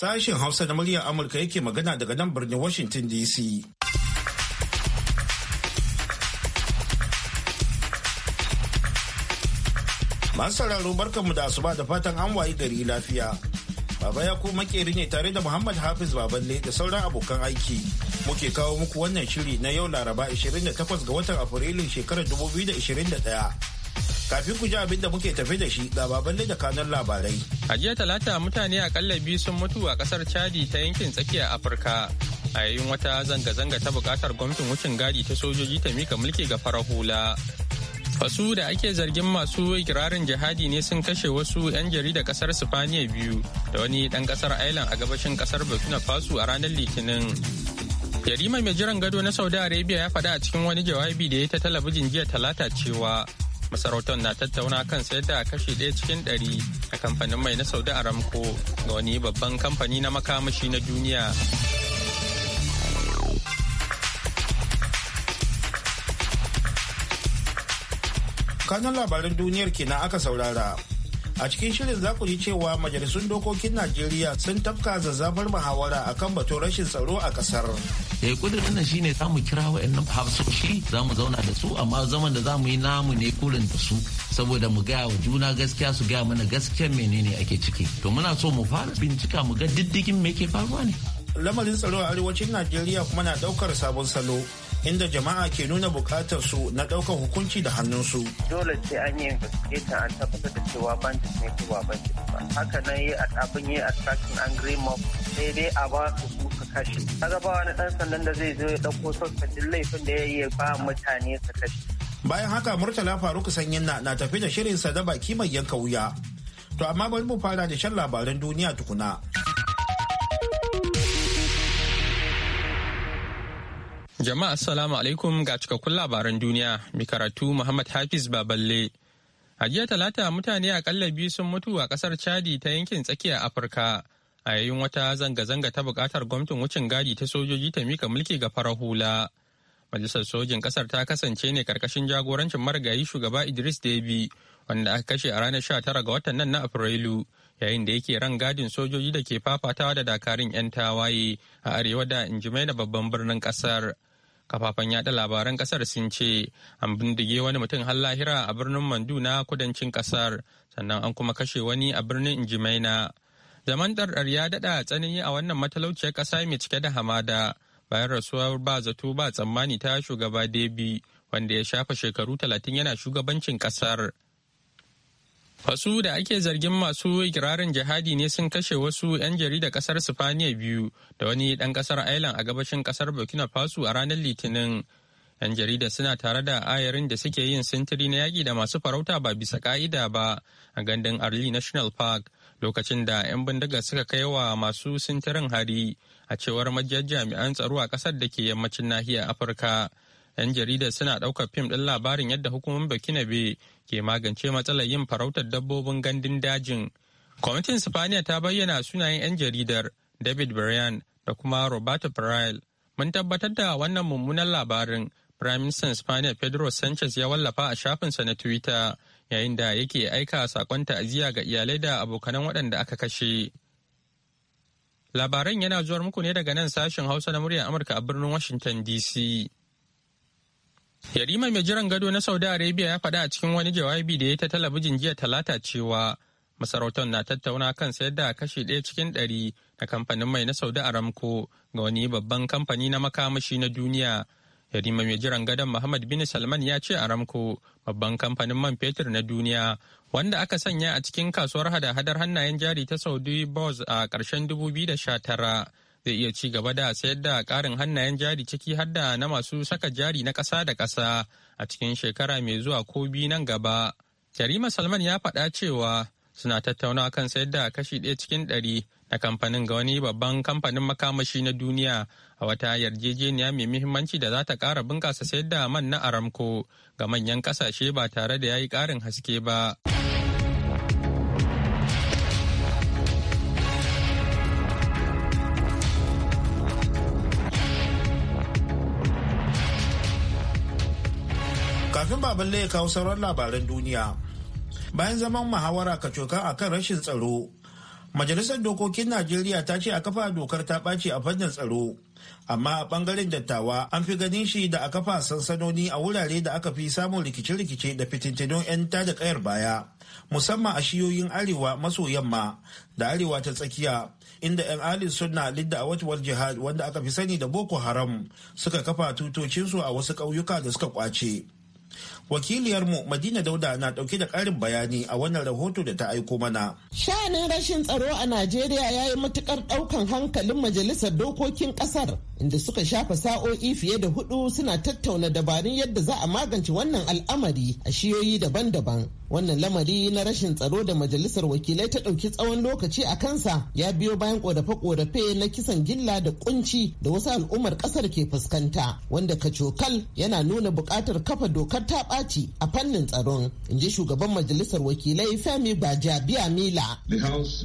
Sashen Hausa na muryar Amurka yake magana daga nan birnin Washington DC. Masu sauraro barkanmu da asuba da fatan an wayi gari lafiya. Baba ya kuma makeri ne tare da Muhammad Hafiz Baballe da sauran abokan aiki. Muke kawo muku wannan shiri na yau Laraba 28 ga watan Afrilun shekarar 2021. Kafin ku ji abin da muke tafi da shi ga baban da kanan labarai. A jiya talata mutane akalla biyu sun mutu a kasar Chadi ta yankin Tsakiya Afirka. A yayin wata zanga-zanga ta bukatar gwamnatin wucin gadi ta sojoji ta mika mulki ga farar hula. Wasu da ake zargin masu ikirarin jihadi ne sun kashe wasu 'yan jarida kasar Sifaniya biyu da wani ɗan kasar Island a gabashin kasar Burkina Faso a ranar Litinin. Yarima mai jiran gado na Saudi Arabia ya faɗa a cikin wani jawabi da ya ta talabijin jiya talata cewa Masarautar na tattauna kan sayar da kashi ɗaya cikin ɗari a kamfanin mai na Saudi Aramco ga wani babban kamfani na makamashi na duniya. kanan labaran duniyar kenan aka saurara. A cikin shirin za ku ji cewa majalisun dokokin Najeriya sun tafka zazzabar muhawara akan batun rashin tsaro a kasar. ya eh, kudirin nan shine za mu kira wa'annan hafsoshi za mu zauna da su amma zaman da za mu yi namu ne kurin da su saboda mu gaya wa juna gaskiya su gaya mana gaskiya menene ake ciki to muna so mu fara bincika mu ga diddigin me ke faruwa ne lamarin tsaro a arewacin najeriya kuma na daukar sabon salo inda jama'a ke nuna bukatar su na ɗaukar hukunci da hannunsu. Dole sai an yi investigation an tabbatar da cewa bandit ne ko ba bandit ba. Haka nan yi a abin yi a an green mob sai dai a ba su su ka kashe. Kaga ba wani ɗan sandan da zai zo ya ɗauko sosai laifin da ya yi ba mutane su kashe. Bayan haka Murtala Faruk Sanyin na na tafi da shirin sa da baki mai yanka wuya. To amma bari mu fara da shan labaran duniya tukuna. Jama'a Assalamu alaikum ga cikakkun labaran duniya, mai karatu Muhammad Hafiz Baballe. A jiya talata mutane akalla biyu sun mutu a kasar Chadi ta yankin tsakiyar Afirka a yayin wata zanga-zanga ta bukatar gwamnatin wucin gadi ta sojoji ta mika mulki ga farar hula. Majalisar sojin kasar ta kasance ne karkashin jagorancin marigayi shugaba Idris Deby wanda aka kashe a ranar 19 ga watan nan na Afrilu yayin da yake ran gadin sojoji da ke fafatawa da dakarun 'yan tawaye a arewa da Injimai da babban birnin kasar. kafafen yaɗa labaran kasar sun ce an bindige wani mutum har lahira a birnin mandu na kudancin kasar sannan an kuma kashe wani a birnin injimaina zaman ɗarɗar ya daɗa tsanani a wannan matalauciyar ƙasa mai cike da hamada bayan rasuwar ba zato ba tsammani ta shugaba debi wanda ya shafa shekaru talatin yana shugabancin ƙasar. Wasu da ake zargin masu ikirarin jihadi ne sun kashe wasu 'yan jarida kasar Sifaniya biyu da wani ɗan kasar Ireland a gabashin kasar Burkina Faso a ranar Litinin. 'Yan jarida suna tare da ayarin da suke yin sintiri na yaƙi da masu farauta ba bisa ƙa'ida ba a gandun Arli National Park lokacin da 'yan bindiga suka kai wa masu sintirin hari a cewar majiyar jami'an tsaro a ƙasar da ke yammacin nahiyar Afirka. 'Yan jarida suna ɗaukar fim ɗin labarin yadda hukumomin Burkina Faso ke magance matsalar yin farautar dabbobin gandun dajin. Kwamitin Sifaniya ta bayyana sunayen 'yan jaridar David Bryan da kuma Roberto Farrell. Mun tabbatar da wannan mummunan labarin Prime Minister Sifaniya Pedro Sanchez ya wallafa a shafinsa na Twitter yayin da yake aika sakon ta'aziyya ga iyalai da abokanan waɗanda aka kashe. Labaran yana zuwar muku ne daga nan sashen Hausa na muryar Amurka a birnin Washington DC. Yarima mai jiran gado na Saudi Arabia ya faɗa a cikin wani jawabi da ya ta talabijin jiya talata cewa masarautar na tattauna kan sayar da kashi ɗaya cikin ɗari na kamfanin mai na Saudi Aramco ga wani babban kamfani na makamashi na duniya. Yarima mai jiran gadon Muhammad bin Salman ya ce Aramco babban kamfanin man fetur na duniya wanda aka sanya a cikin kasuwar hada-hadar hannayen jari ta Saudi Boz a ƙarshen 2019 zai iya ci gaba da sayar da ƙarin hannayen jari ciki har da na masu saka jari na ƙasa da ƙasa a cikin shekara mai zuwa ko biyu nan gaba. Karima Salman ya faɗa cewa suna tattauna kan sayar da kashi ɗaya cikin ɗari na kamfanin ga wani babban kamfanin makamashi na duniya a wata yarjejeniya mai muhimmanci da za ta ƙara bunƙasa sayar da man na Aramco ga manyan ƙasashe ba tare da ya yi ƙarin haske ba. kafin baban ya kawo sauran labaran duniya bayan zaman muhawara kacoka a kan rashin tsaro majalisar dokokin najeriya ta ce a kafa dokar ta ɓaci a fannin tsaro amma a ɓangaren dattawa an fi ganin shi da a kafa sansanoni a wurare da aka fi samun rikice-rikice da fitintinun 'yan da kayar baya musamman a shiyoyin arewa maso yamma da arewa ta tsakiya inda 'yan alin suna lidda a watuwar jihad wanda aka fi sani da boko haram suka kafa tutocinsu a wasu ƙauyuka da suka kwace. Wakiliyarmu Madina Dauda na ɗauke da ƙarin bayani a wannan rahoto da ta aiko mana. Sha'anin rashin tsaro a Najeriya ya yi matuƙar ɗaukan hankalin Majalisar Dokokin ƙasar inda suka shafa sa'o'i fiye da hudu suna tattauna dabarun yadda za a magance wannan al'amari a shiyoyi daban-daban wannan lamari na rashin tsaro da majalisar wakilai ta ɗauki tsawon lokaci a kansa ya biyo bayan ƙorafe-ƙorafe na kisan gilla da kunci da wasu al'ummar ƙasar ke fuskanta wanda kacokal yana nuna buƙatar kafa dokar ta ɓaci a fannin tsaron in ji shugaban majalisar wakilai fami gbajabiamila the house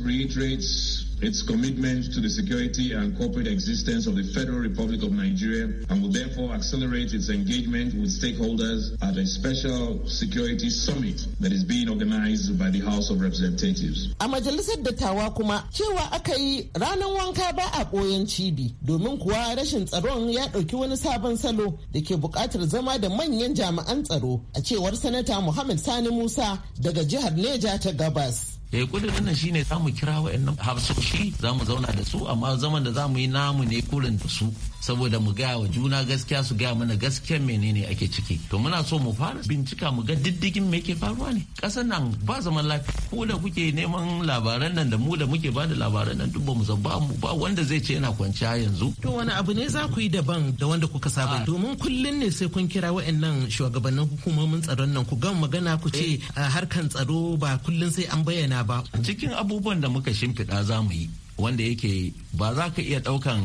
its commitment to the security and corporate existence of the Federal Republic of Nigeria and will therefore accelerate its engagement with stakeholders at a special security summit that is being organized by the House of Representatives. A majalisar dattawa kuma cewa aka yi ranar wanka ba a ɓoyen cibi domin kuwa rashin tsaron ya ɗauki wani sabon salo da ke buƙatar zama da manyan jami'an tsaro a cewar sanata Muhammad Sani Musa daga jihar Neja ta Gabas. eh kudin nan shine za mu kira wayannan hafsoshi za mu zauna da su amma zaman da za mu yi namu ne kurin da su saboda mu gaya wa juna gaskiya su gaya mana gaskiyar menene ake ciki to muna so mu fara bincika mu ga diddigin me ke faruwa ne kasan nan ba zaman lafiya ko da kuke neman labaran nan da mu da muke ba da labaran nan duk ba mu ba mu ba wanda zai ce yana kwanciya yanzu to wani abu ne za ku yi daban da wanda kuka saba domin kullun ne sai kun kira wayannan shugabannin hukumomin tsaron nan ku gama magana ku ce eh. harkan tsaro ba kullun sai an bayyana ina ba cikin abubuwan da muka shimfiɗa za mu yi wanda yake ba za ka iya ɗaukan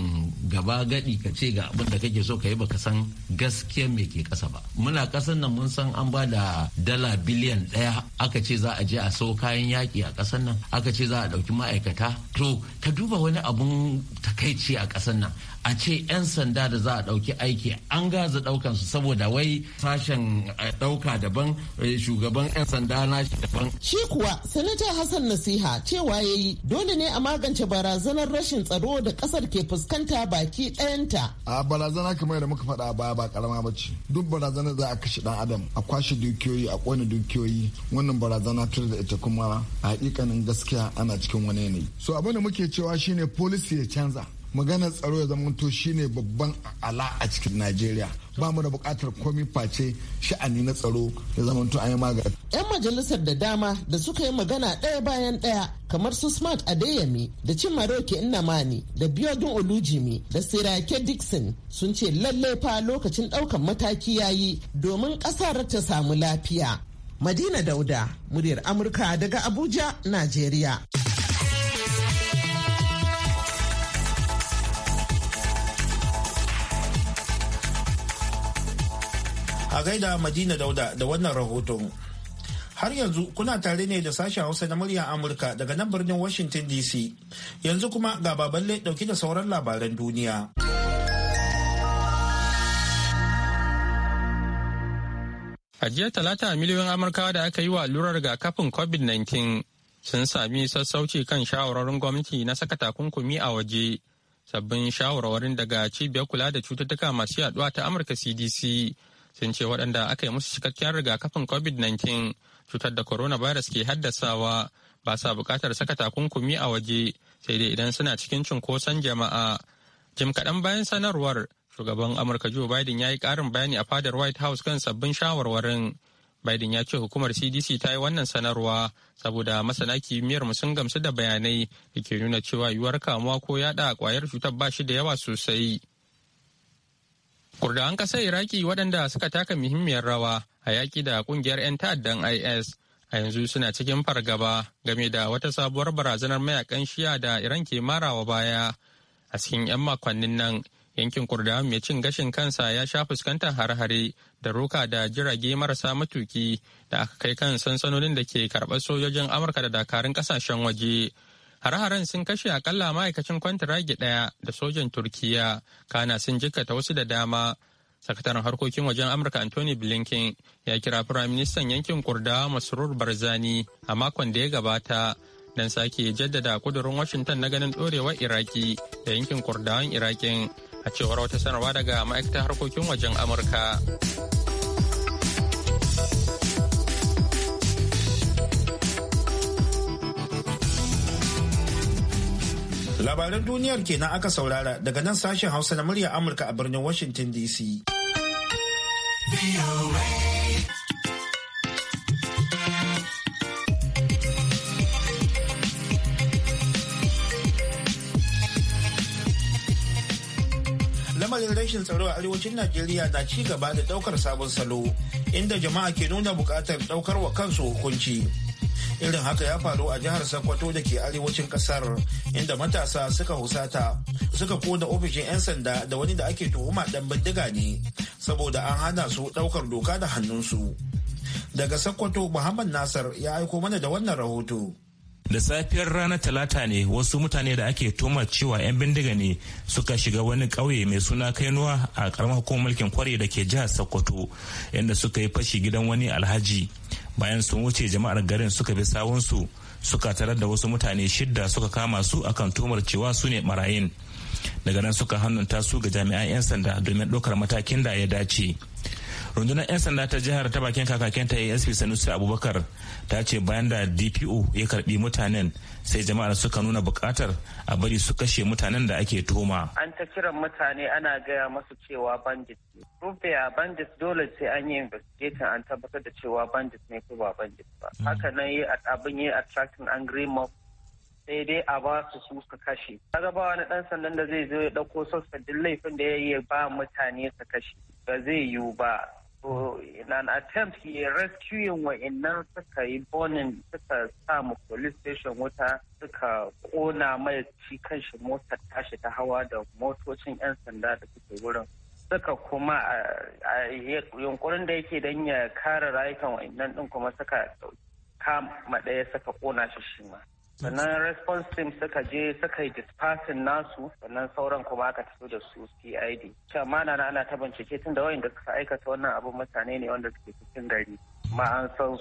gaba gadi ka ce ga abin da kake so ka yi ba ka san gaskiya mai ke ƙasa ba muna ƙasar nan mun san an ba da dala biliyan ɗaya aka ce za a je a sau kayan yaƙi a ƙasar nan aka ce za a ɗauki ma'aikata to ka duba wani abun takaici a ƙasar nan a ce 'yan sanda da za a ɗauki aiki an gaza ɗaukan su saboda wai sashen eh, ɗauka daban eh, shugaban 'yan sanda na shi daban. Shi kuwa sanata Hassan Nasiha cewa ya yi dole ne a magance barazanar rashin tsaro da ƙasar ke fuskanta baki ɗayanta. A barazana kamar da muka faɗa a baya ba ƙarama ba ce. Duk barazanar za a kashe ɗan adam a kwashe dukiyoyi a kone dukiyoyi wannan barazana tun da ita kuma a hakikanin gaskiya ana cikin wani yanayi. So abin da muke cewa shine policy ya canza. maganar tsaro ya zama to shine babban ala a cikin najeriya ba mu da buƙatar komi face sha'ani na tsaro ya zama to an yi magana yan majalisar da dama da suka yi magana ɗaya bayan ɗaya kamar su smart adeyemi da cimaroke innamani da biodun olujimi da sirake dixon sun ce lallai fa lokacin ɗaukan mataki yayi domin ƙasar ta samu lafiya madina dauda muryar amurka daga abuja najeriya A gaida Madina Dauda da wannan rahoton. Har yanzu kuna tare ne da sashen Hausa na muryar Amurka daga nan birnin Washington DC. Yanzu kuma ga baballe dauki da sauran labaran duniya. A jiya talata miliyoyin Amurkawa da aka yi wa allurar kafin COVID-19 sun sami sassauci kan shawararin gwamnati na saka takunkumi a waje. Sabbin shawarwarin daga cibiyar kula da cututtuka masu yaduwa ta Amurka CDC sun ce waɗanda aka yi musu cikakkiyar rigakafin covid-19 cutar da coronavirus ke haddasawa ba sa buƙatar saka takunkumi a waje sai dai idan suna cikin cunkoson jama'a jim kaɗan bayan sanarwar shugaban amurka joe biden ya yi ƙarin bayani a fadar white house kan sabbin shawarwarin biden ya ce hukumar cdc ta yi wannan sanarwa saboda masana kimiyyar mu sun gamsu da bayanai da ke nuna cewa yiwuwar kamuwa ko yada kwayar cutar ba shi da yawa sosai kurdawan ƙasar iraki waɗanda suka taka muhimmiyar rawa a yaƙi da ƙungiyar 'yan ta'addan is a yanzu suna cikin fargaba game da wata sabuwar barazanar mayakan shiya da iran ke marawa baya a cikin 'yan makonnin nan yankin kurdawa mai cin gashin kansa ya sha fuskantar har-hare da roka da jirage marasa matuki da aka kai kan sansanonin da ke karɓar sojojin amurka da dakarun ƙasashen waje Hare-haren sun kashe akalla ma'aikacin kwantiragi ɗaya da sojan turkiyya kana sun jikkata wasu da dama. Sakataren harkokin wajen Amurka Anthony Blinken ya kira Firaministan yankin Kurdawa Masrur Barzani a makon da ya gabata don sake jaddada kudurin Washington na ganin ɗorewar Iraki da yankin Kurdawan Irakin a cewar wata sanarwa daga ma'aikatar harkokin wajen Amurka. Labaran duniyar kenan aka saurara daga nan sashen Hausa na murya Amurka a birnin Washington DC. lamarin rashin tsaro a arewacin Najeriya na ci gaba da daukar sabon salo inda jama'a ke nuna bukatar daukar wa kansu hukunci. irin haka ya faru a jihar sokoto da ke arewacin kasar inda matasa suka husata suka koda ofishin 'yan sanda da wani da ake tuhuma dan bindiga ne saboda an hana su daukar doka da hannunsu daga sokoto muhammad nasar ya aiko mana da wannan rahoto da safiyar ranar talata ne wasu mutane da ake tuma cewa 'yan bindiga ne suka shiga wani ƙauye mai suna kainuwa a karamar hukumar mulkin kware da ke jihar sokoto inda suka yi fashi gidan wani alhaji bayan sun wuce jama'ar garin suka bi sawunsu suka tarar da wasu mutane shidda suka kama su akan tumar cewa su ne marayin daga nan suka hannunta su ga jami'an 'yan sanda domin ɗaukar matakin da ya dace rundunar 'yan sanda ta jihar ta bakin ta asp sanusi abubakar ta ce bayan da dpo ya karbi mutanen sai jama'ar suka nuna bukatar a bari su kashe mutanen da ake tuhuma an ta kiran mutane ana gaya masu cewa bandit rufe a bandit dole sai an yi investigation an tabbatar da cewa bandit ne ko ba bandit ba hmm. haka nan yi abin yi attracting angry mob sai dai a ba su su ka kashe kaga ba wani dan sandan da zai zo ya dauko sosai laifin da ya yi ba mutane ka kashe ba zai yiwu ba So, in an attempt he rescuing wa'annan suka yi bonin suka sa mu police station wuta suka kona mai ci kanshi motar tashi ta hawa da motocin 'yan sanda da suke wurin. Suka kuma a yunkurin da yake don ya kare rayukan wa'annan din kuma suka kama ɗaya suka kona shi shi ma. sannan response team suka je suka yi dispatching nasu sannan sauran kuma aka tafi da su cid cewa na ana ta bincike tun da wayanda suka aikata wannan abin mutane ne wanda suke cikin gari ma an san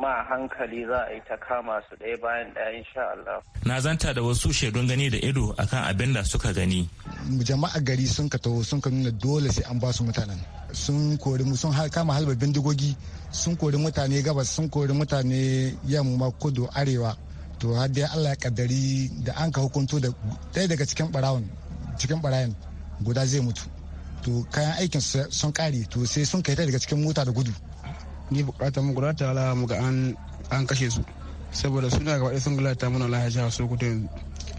ma hankali za a yi ta kama su ɗaya bayan ɗaya insha Allah. Na zanta da wasu shaidun gani da ido akan abin da suka gani. Jama'a gari sun ka taho sun ka nuna dole sai an ba su mutanen. Sun kori mu sun kama halbar bindigogi sun kori mutane gabas sun kori mutane yamma kudu arewa to har dai Allah ya kaddari da an ka hukunto da ɗaya daga cikin barawon cikin barayin guda zai mutu to kayan aikin sun kare to sai sun kai ta daga cikin mota da gudu ni bukatar mu guda ta mu ga an an kashe su saboda suna gaba sun gulata mana lahaja jihar Sokoto yanzu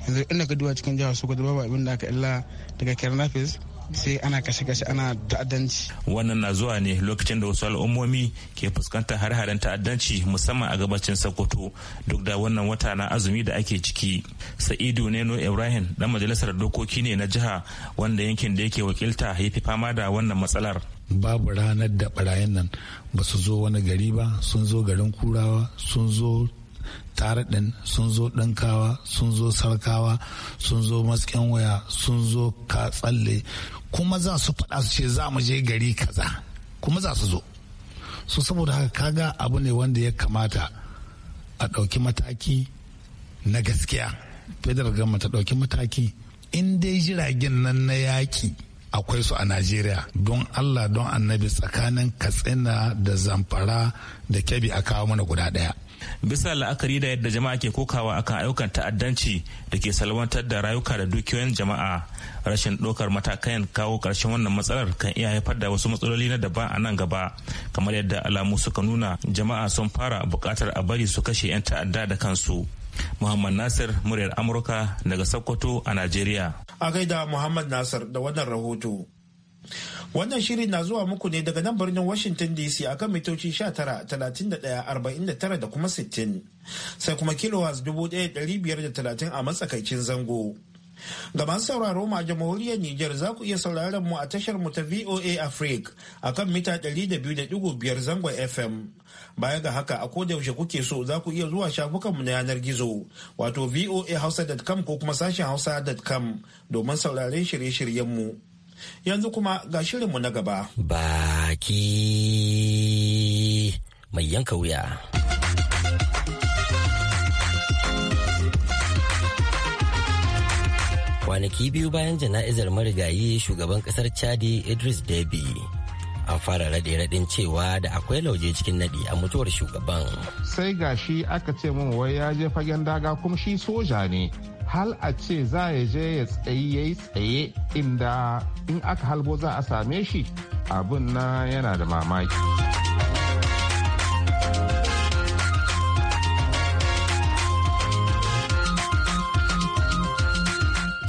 yanzu ina ga cikin jihar Sokoto babu abin da aka illa daga Kernafis sai ana kashe-kashe ana ta'addanci. Wannan na zuwa ne lokacin da wasu al'ummomi ke fuskantar har-haren ta'addanci musamman a gabacin Sokoto duk da wannan wata na azumi da ake ciki. Sa'idu Neno Ibrahim dan majalisar dokoki ne na jiha wanda yankin da yake wakilta ya fi fama da wannan matsalar. Babu ranar da barayin nan ba su zo wani gari ba sun zo garin kurawa sun zo tare ɗin sun zo ɗinkawa sun zo sarkawa sun zo masken waya sun zo katsalle kuma za su faɗa su ce za mu je gari kaza kuma za su zo Su saboda haka kaga abu ne wanda ya kamata a ɗauki mataki na gaskiya federal gama ta ɗauki mataki in dai jiragen nan na yaƙi akwai su a najeriya don allah don annabi tsakanin katsina da zamfara da kyabi a kawo mana guda daya. bisa la'akari da yadda jama'a ke kokawa akan ayyukan ta'addanci da ke salwantar da rayuka da dukiyoyin jama'a rashin ɗaukar matakan kawo ƙarshen wannan matsalar kan iya haifar da wasu matsaloli na daban a nan gaba kamar yadda alamu suka nuna jama'a sun fara buƙatar a bari su kashe 'yan ta'adda da kansu Muhammad Nasir muryar Amurka daga Sokoto a Najeriya. A gaida Muhammad Nasir da wannan rahoto. Wannan shiri na zuwa muku ne daga nan birnin Washington DC a kan mitoci 19, da kuma 60. Sai kuma kilowatts 1530 a matsakaicin zango. Ga masu sauraro ma jamhuriyar Nijar za ku iya sauraron mu a tashar mu ta VOA Africa a kan mita 200.5 zangon FM. Baya ga haka a koda yaushe kuke so za ku iya zuwa shafukanmu na yanar gizo wato voahausa.com ko kuma sashen hausa.com domin sauraren shirye-shiryenmu. Yanzu kuma ga shirinmu na gaba. Baki mai yanka wuya. Kwanaki biyu bayan jana'izar marigayi shugaban kasar Chadi Idris debi an fara rade radin cewa da akwai lauje cikin nadi a mutuwar shugaban. Sai gashi aka ce min wai ya je fagen daga kuma shi soja ne. Hal a ce za ya je ya tsaye ya yi tsaye inda in aka halbo za a same shi abin na yana da mamaki.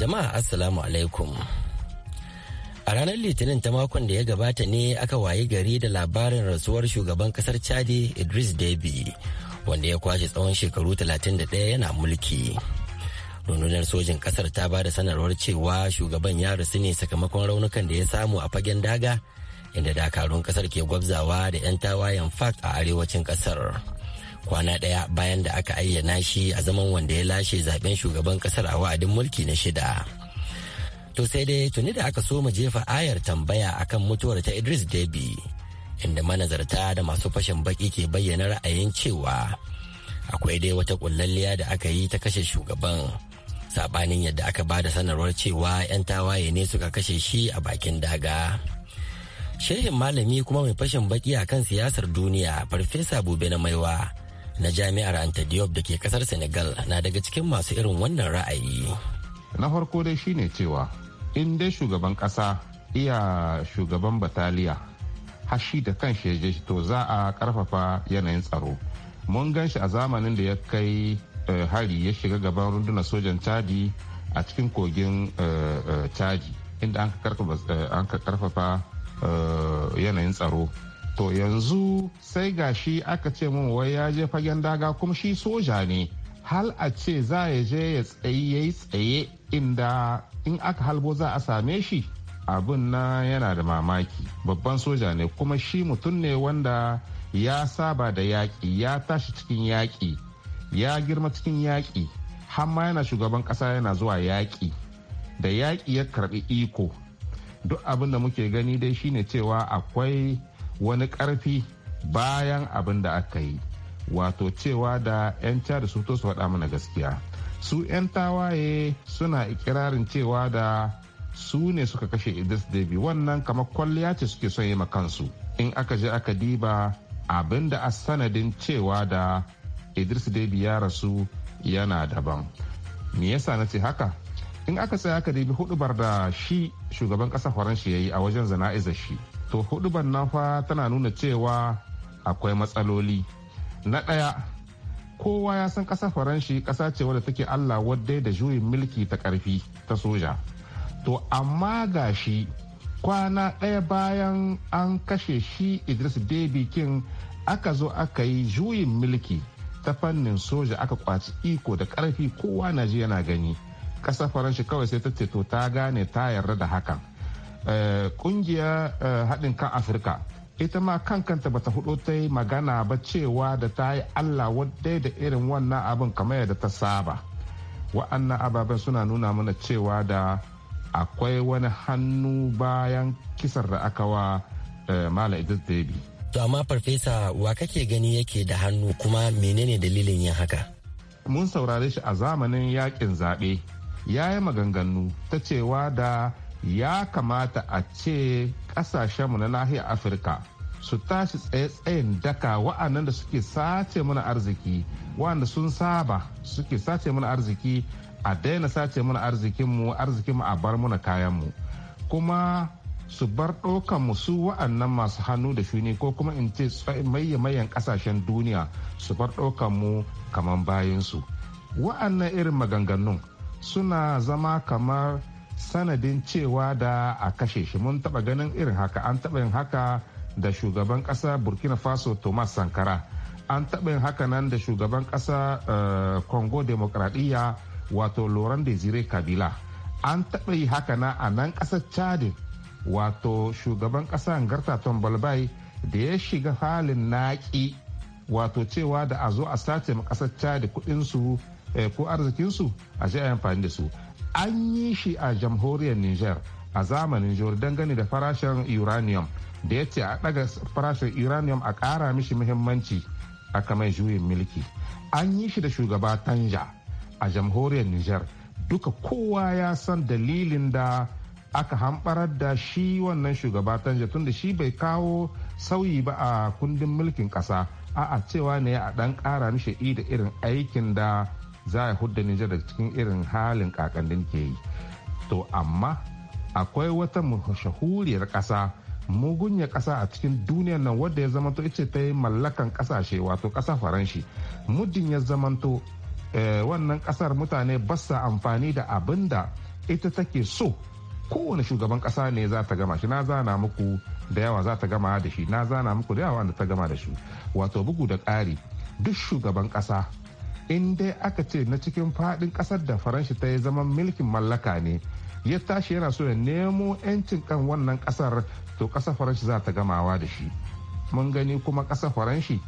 Jama'a Assalamu alaikum. A ranar Litinin ta makon da ya gabata ne aka wayi gari da labarin rasuwar shugaban kasar Chadi Idris debi wanda ya kwashe tsawon shekaru 31 yana mulki. Rundunar sojin kasar ta ba da sanarwar cewa shugaban ya rasu ne sakamakon raunukan da ya samu a fagen daga inda dakarun kasar ke gwabzawa da 'yan tawayen fak a arewacin kasar. Kwana daya bayan da aka ayyana shi a zaman wanda ya lashe zaben shugaban kasar a wa'adin mulki na shida. To sai dai tuni da aka so mu jefa ayar tambaya akan mutuwar ta Idris Debi inda manazarta da masu fashin baki ke bayyana ra'ayin cewa akwai dai wata kullalliya da aka yi ta kashe shugaban sabanin yadda aka ba da sanarwar cewa 'yan tawaye ne suka kashe shi a bakin daga. Shehin malami kuma mai fashin baki kan siyasar duniya Farfesa Bube na Maiwa na jami'ar Antadiop da ke kasar Senegal na daga cikin masu irin wannan ra'ayi. na farko dai shine cewa in dai shugaban kasa iya shugaban bataliya hashi da kan sheje to za a karfafa yanayin tsaro mun gan shi a zamanin da ya kai eh, hari ya shiga gaban rundunar sojan chadi a cikin kogin eh, eh, chadi inda an ka karfafa yanayin tsaro to yanzu sai gashi aka ce mun wai ya je fagen daga kuma shi soja ne hal a ce za ya je ya tsaye tsaye inda in aka halbo za a same shi abin na yana da mamaki babban soja ne kuma shi mutum ne wanda ya saba da yaƙi ya tashi cikin yaƙi ya girma cikin yaƙi hamma yana shugaban ƙasa yana zuwa yaƙi da yaƙi ya karɓi iko duk abin da muke gani dai shine cewa akwai wani ƙarfi bayan abin da aka yi wato cewa da 'yan da su to su faɗa mana gaskiya su 'yan tawaye suna ikirarin cewa da su ne suka kashe idris debi wannan kamar kwalliya ce suke son yi kansu in aka je aka diba abin da a sanadin cewa da idris debi ya rasu yana daban me yasa na ce haka in aka tsaya aka dibi hudubar da shi shugaban kasa faransa ya yi a wajen zana'izar shi to hudubar nan fa tana nuna cewa akwai matsaloli na ɗaya kowa ya san ƙasar faranshi ƙasa ce wadda take allah wadda da juyin mulki ta ƙarfi ta soja to amma ga shi kwana ɗaya bayan an kashe shi idris baby king aka zo aka yi juyin mulki ta fannin soja aka kwaci iko da ƙarfi kowa na ji yana gani ƙasar faranshi kawai sai ta ce to ta gane ta yarda da hakan eh, ƙungiyar eh, haɗin kan afirka ita ma kan kanta bata hudu ta yi magana ba cewa da ta yi allah wadda da irin wannan abin kamar yadda ta saba wa'annan ababen suna nuna mana cewa da akwai wani hannu bayan kisar da aka wa eh, mala idris debi to amma farfesa wa kake gani yake da hannu kuma menene dalilin yin haka mun saurare shi a zamanin yakin zaɓe ya yi maganganu ta cewa da ya kamata a ce kasashenmu na nahiyar afirka su tashi tsaye-tsayen daka wa'annan da suke sace mana arziki wa'anda sun saba suke sace mana arziki a daina sace mana arzikinmu arzikinmu a bar mana kayanmu kuma su bar ɗaukan su wa'annan masu hannu da shuni ko kuma in ce maye mayan ƙasashen duniya su bar ɗaukan mu kamar bayansu wa'annan irin maganganun suna zama kamar sanadin cewa da a kashe shi mun taba ganin irin haka an taba yin haka da shugaban kasa burkina faso thomas sankara an taba yin haka nan da shugaban kasa eh, congo demokradiyya wato laurent desire kabila an taba yi haka na a nan kasar chad wato shugaban kasa tom balbai da ya shiga halin naki wato cewa da a zo a sace ma kasar chad kudinsu eh, ko arzikinsu a yi amfani da su an yi shi a jamhuriyar niger a zamanin don dangane da farashin uranium da ya ce a daga farashin uranium a kara mishi muhimmanci a kamar juyin milki. an yi shi da shugaba tanja a jamhuriyar niger duka kowa ya san dalilin da aka hamɓarar da shi wannan shugaba tanja da shi bai kawo sauyi ba a kundin mulkin ƙasa a'a cewa ne a ɗan ƙara mishi da irin aikin da za a hudda Nijar daga cikin irin halin kakannin ke yi. To amma akwai wata shahuriyar ƙasa mugunya ƙasa a cikin duniyar nan wadda ya zamanto ita ta yi mallakan ƙasashe wato ƙasa faranshi muddin ya zamanto eh, wannan ƙasar mutane basa amfani da abin da ita take so kowane shugaban ƙasa ne za ta gama shi na zana muku da yawa za ta gama da shi na zana muku da yawa da ta gama da shi wato bugu da ƙari duk shugaban ƙasa in dai aka ce na cikin faɗin ƙasar da faranshi ta yi zaman milkin mallaka ne ya tashi yana so ya nemo 'yancin kan wannan ƙasar to ƙasa faranshi za ta gamawa da shi mun gani kuma ƙasar faranshi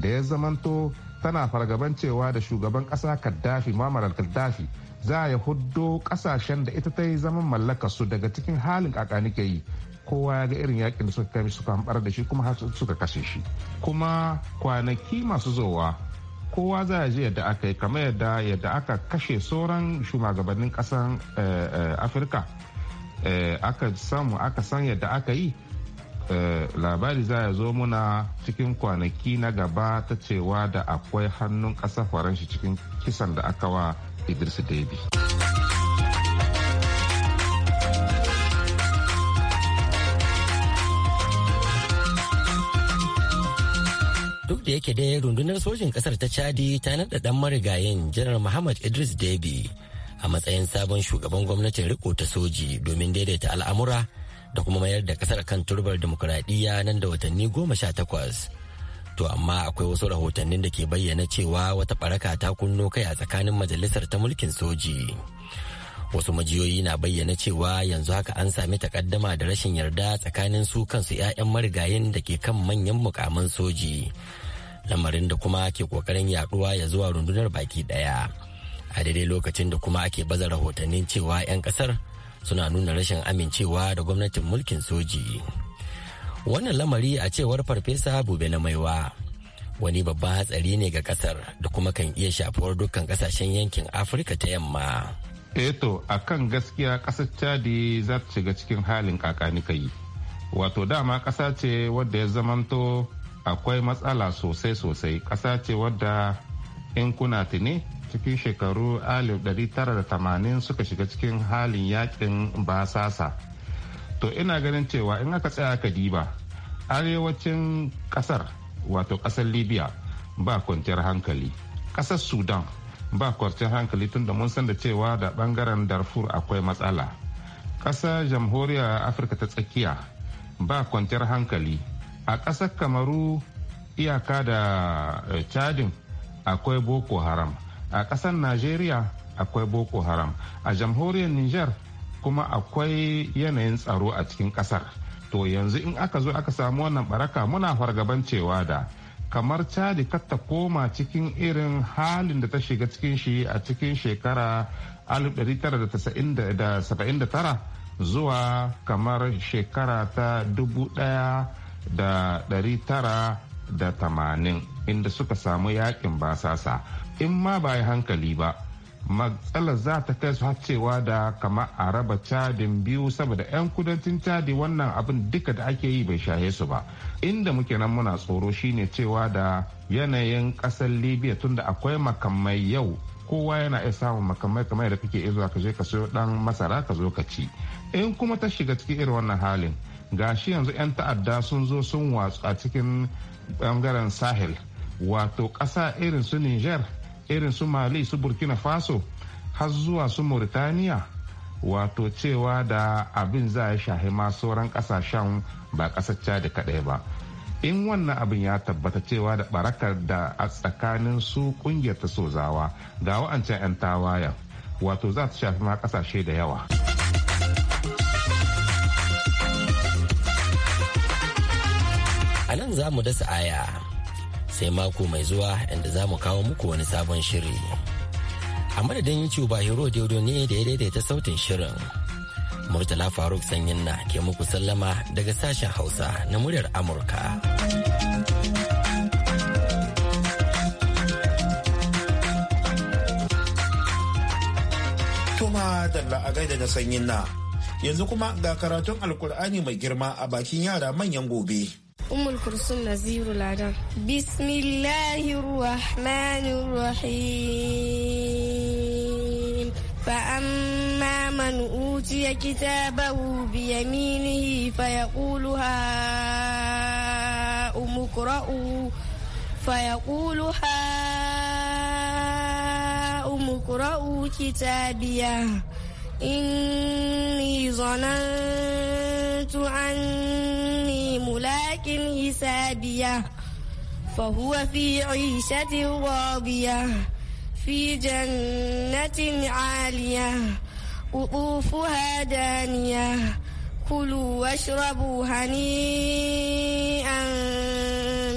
da ya zamanto tana fargaban cewa da shugaban ƙasa kaddafi mamarar kaddafi za ya huddo ƙasashen da ita ta yi zaman mallaka su daga cikin halin ke yi kowa ya ga irin yakin da suka kai suka hambar da shi kuma har suka kashe shi kuma kwanaki masu zowa kowa za ya ji yadda aka yi kamar yadda yadda aka kashe sauran shugabannin kasan eh, eh, afirka eh, aka samu aka san yadda aka yi labari za ya zo muna cikin kwanaki na gaba ta cewa da akwai hannun ƙasa faranshi cikin kisan da aka wa idris debi. duk da yake dai rundunar sojin kasar ta chadi ta naɗa ɗan marigayin janar muhammad idris debi a matsayin sabon shugaban gwamnatin riko ta soji domin daidaita al'amura da kuma mayar da kasar kan turbar demokuraɗiyya nan da watanni goma sha takwas to amma akwai wasu rahotannin da ke bayyana cewa wata ɓaraka ta kunno kai a tsakanin majalisar ta mulkin soji wasu majiyoyi na bayyana cewa yanzu haka an sami takaddama da rashin yarda tsakanin su kansu 'ya'yan marigayen da ke kan manyan mukaman soji lamarin da kuma ke kokarin yaduwa ya zuwa rundunar baki daya a daidai lokacin da kuma ake baza rahotannin cewa 'yan kasar suna nuna rashin amincewa da gwamnatin mulkin soji wannan lamari a cewar farfesa bube na maiwa wani babban hatsari ne ga kasar da kuma kan iya shafuwar dukkan kasashen yankin afirka ta yamma eto eh a kan gaskiya kasar chadi za ta shiga cikin halin kakani kai wato dama kasa ce wadda ya zamanto akwai matsala sosai-sosai ƙasa ce wadda in kuna tuni cikin shekaru 1980 suka shiga cikin halin yakin basasa to ina ganin cewa in aka tsaya aka diba arewacin ƙasar wato ƙasar libya ba kwanciyar hankali kasar sudan ba kwanciyar hankali tunda mun san da cewa da bangaren darfur akwai matsala kasar jamhuriyar afirka ta tsakiya ba kwanciyar hankali a ƙasar kamaru iyaka da eh, chadin akwai boko haram a ƙasar najeriya akwai boko haram a jamhuriyar niger kuma akwai yanayin tsaro a cikin ƙasar to yanzu in aka zo aka samu wannan baraka muna fargaban cewa da kamar chadi kar ta koma cikin irin halin da ta shiga cikin shi a cikin shekara 1979 zuwa kamar shekara ta da 980 inda suka samu yakin basasa in ma ba yi hankali ba matsalar za ta kai su cewa da kama a raba cadin biyu saboda 'yan kudancin cadi wannan abin duka da ake yi bai shahe su ba inda muke nan muna tsoro shine cewa da yanayin kasar libya tunda akwai makamai yau kowa yana iya samun makamai kamar da kake iya zuwa ka je ka sayo dan masara ka zo ka ci in kuma ta shiga cikin irin wannan halin gashi yanzu 'yan ta'adda sun zo sun watsu a cikin bangaren sahel wato ƙasa irin su niger irin su mali su burkina faso har zuwa su mauritaniya wato cewa da abin za ya shahi ma sauran kasashen ba kasar da kaɗai ba in wannan abin ya tabbata cewa da barakar da a tsakanin su kungiyar ta sozawa ga wa'ancan 'yan tawaya wato za ta shafi ma kasashe da yawa. a nan za mu dasa aya sai mako mai zuwa inda za mu kawo muku wani sabon shiri a madadin cuba hero diodo ne da ya daidaita sautin shirin murtala faruk sanyin na ke muku sallama daga sashen hausa na muryar amurka tuma da la'agai da sanyin na yanzu kuma ga karatun alkur'ani mai girma a bakin yara manyan gobe. أم الكرسوم نزير العدم بسم الله الرحمن الرحيم فأما من أوتي كتابه بيمينه فيقول هاؤم اقرءوا فيقول هاؤم اقرءوا كتابيه إني ظننت أن عاتق حسابية فهو في عيشة راضية في جنة عالية قطوفها دانية كلوا واشربوا هنيئا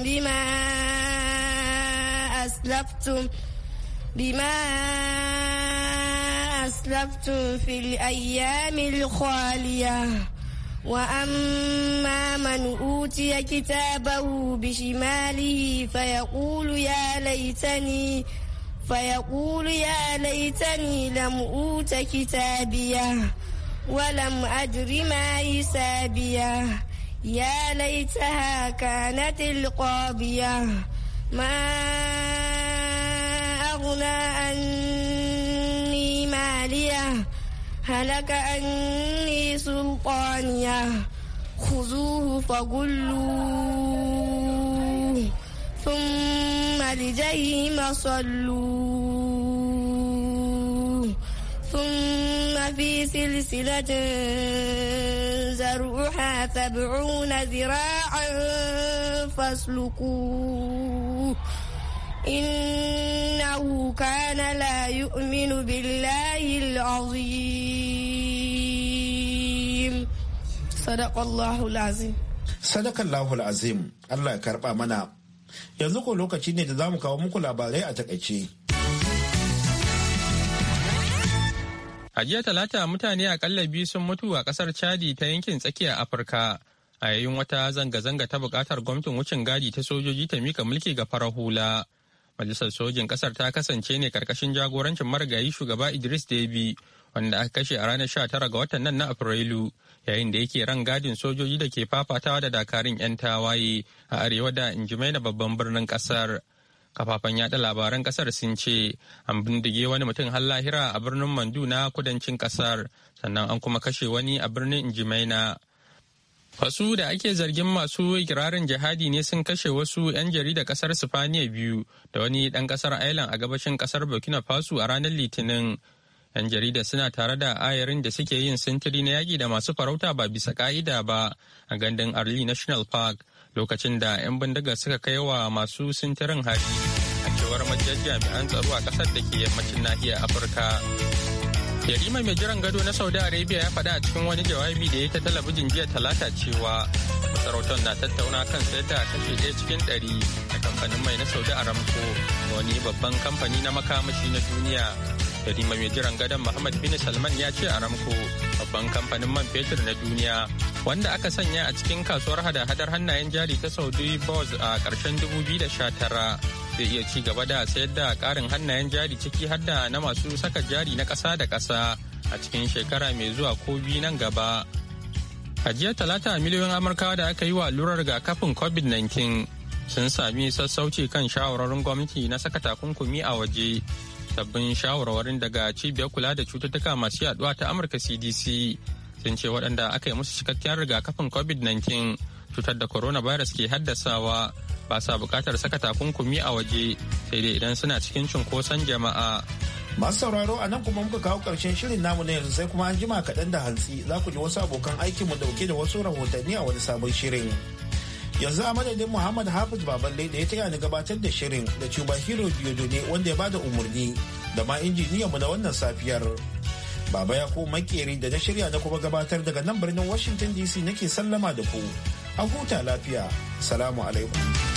بما أسلفتم بما أسلفتم في الأيام الخالية وأما من أوتي كتابه بشماله فيقول يا ليتني فيقول يا ليتني لم أوت كتابيه ولم أدر ما حسابيه يا ليتها كانت القاضية ما أغنى عني ماليه هلك أني سلطانية خذوه فغلوه ثم لجيم صلوه ثم في سلسلة زرعها سبعون ذراعا فاسلكوه إنه كان لا يؤمن بالله العظيم صدق الله العظيم صدق الله العظيم الله yanzu ko lokaci ne da za mu kawo muku labarai a takaice. A jiya talata mutane akalla biyu sun mutu a kasar Chadi ta yankin tsakiya Afirka a yayin wata zanga-zanga ta bukatar gwamnatin wucin gadi ta sojoji ta mika mulki ga farar hula. Majalisar sojin ƙasar ta kasance ne karkashin jagorancin marigayi shugaba Idris debi wanda aka kashe a ranar 19 ga watan nan na Afrilu yayin da yake ran gadin sojoji da ke fafatawa da dakarun 'yan tawaye a arewa da injimai Injimaina babban birnin ƙasar. Kafafen yaɗa labaran ƙasar sun ce an bindige wani mutum har lahira a birnin Mandu na kudancin ƙasar sannan an kuma kashe wani a birnin Injimaina. Wasu da ake zargin masu ikirarin jihadi ne sun kashe wasu 'yan jarida kasar Sifaniya biyu da wani ɗan kasar Ireland a gabashin kasar Burkina Faso a ranar Litinin. 'Yan jarida suna tare da ayarin da suke yin sintiri na yaƙi da masu farauta ba bisa ƙa'ida ba a gandun Arli National Park lokacin da 'yan bindiga suka kai wa masu sintirin hari a cewar majiyar jami'an tsaro a ƙasar da ke yammacin nahiyar Afirka. Yarima mai jiran gado na Saudi Arabia ya faɗa a cikin wani jawabi da ya ta talabijin jiya talata cewa masarautar na tattauna kan sayar da kashe ɗaya cikin ɗari na kamfanin mai na Saudi Aramco wani babban kamfani na makamashi na duniya. Yarima mai jiran gadon Muhammad bin Salman ya ce Aramco babban kamfanin man fetur na duniya wanda aka sanya a cikin kasuwar hada-hadar hannayen jari ta saudi boz a ƙarshen 2019 zai iya ci gaba da sayar da ƙarin hannayen jari ciki har da na masu saka jari na ƙasa da ƙasa a cikin shekara mai zuwa ko biyu nan gaba a jiya talata miliyoyin amurka da aka yi wa allurar kafin covid-19 sun sami sassauci kan shawararin gwamnati na saka takunkumi a waje sabbin shawarwarin daga cibiyar kula da cututtuka masu yaduwa ta amurka cdc sun ce waɗanda aka yi musu cikakkiyar rigakafin covid-19 cutar da coronavirus ke haddasawa ba sa buƙatar saka takunkumi a waje sai dai idan suna cikin cunkoson jama'a masu sauraro a nan kuma muka kawo ƙarshen shirin namu na yanzu sai kuma an jima kaɗan da hantsi za ku ji wasu abokan aikinmu dauke da wasu rahotanni a wani sabon shirin. yanzu a madadin muhammad hafiz baballe da ya taya ni gabatar da shirin da cuba hero ne wanda ya bada umarni da ma injiniya mu na wannan safiyar baba ya ko makeri da na shirya na kuma gabatar daga nan birnin washington dc nake sallama da ku a huta lafiya salamu alaikum